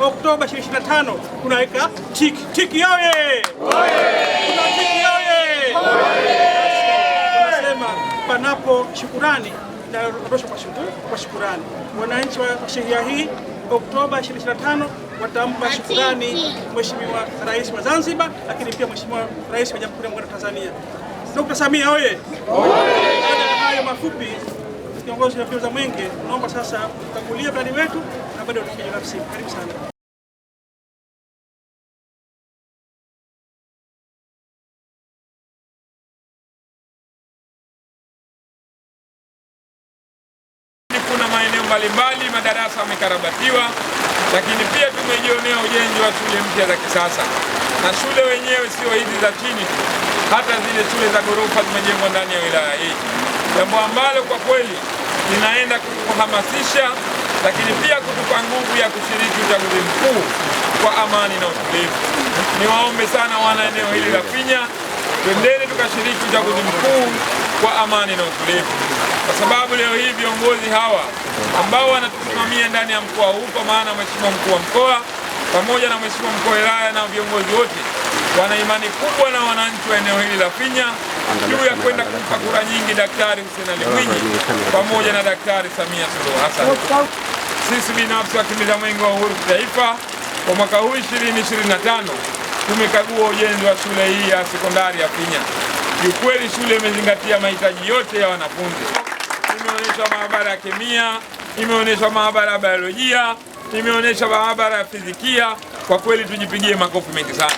Oktoba 25 tunaweka tiki tiki yoye, tunasema panapo shukurani inaondoshwa kwa shukurani. Wananchi wa shehia hii Oktoba 25 watampa shukurani Mheshimiwa Rais wa Zanzibar, lakini pia Mheshimiwa Rais wa Jamhuri ya Muungano wa Tanzania Dr. Samia oye. Hayo mafupi kiongozi wa mbio za mwenge naomba sasa ukagulie mradi wetu na bado tufanye nafsi. Karibu sana. maeneo mbalimbali madarasa yamekarabatiwa, lakini pia tumejionea ujenzi wa shule mpya za kisasa, na shule wenyewe sio hizi za chini hata zile shule za ghorofa zimejengwa ndani ya wilaya hii, jambo ambalo kwa kweli inaenda kuhamasisha, lakini pia kutupa nguvu ya kushiriki uchaguzi mkuu kwa amani na utulivu. Niwaombe sana wana eneo hili la Finya, twendeni tukashiriki uchaguzi mkuu kwa amani na utulivu, kwa sababu leo hii viongozi hawa ambao wanatusimamia ndani ya mkoa huu, kwa maana mheshimiwa mkuu wa mkoa pamoja na mheshimiwa mkuu wa wilaya na viongozi wote wana imani kubwa na wananchi wa eneo hili la Finya juu ya kwenda kumpa kura nyingi Daktari Hussein Ali Mwinyi pamoja na Daktari Samia Suluhu Hassan. Sisi binafsi wakimbiza mwenge wa uhuru kitaifa kwa mwaka huu 2025 tumekagua ujenzi wa shule hii ya sekondari ya Finya. Kiukweli shule imezingatia mahitaji yote ya wanafunzi. imeonyeshwa maabara ya kemia, imeonyeshwa maabara ya biolojia, imeonyesha maabara ya fizikia. Kwa kweli tujipigie makofi mengi sana.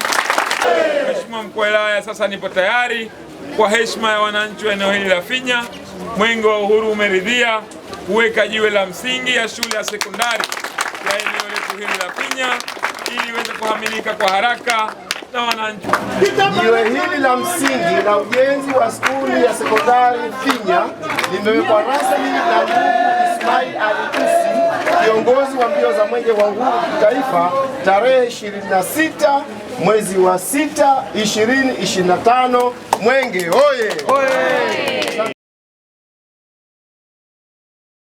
Mheshimiwa mkuu wa wilaya, sasa nipo tayari kwa heshima ya wananchi wa eneo hili la Finya. Mwenge wa Uhuru umeridhia kuweka jiwe la msingi ya shule ya sekondari ya eneo letu hili la Finya ili iweze kuhamilika kwa haraka na wananchi. Jiwe hili la msingi la ujenzi wa skuli ya sekondari Finya limewekwa rasmi na ndugu Ismail Alitusi kiongozi wa mbio za Mwenge wa Uhuru kitaifa tarehe 26 mwezi wa 6 2025. Mwenge oye, oye!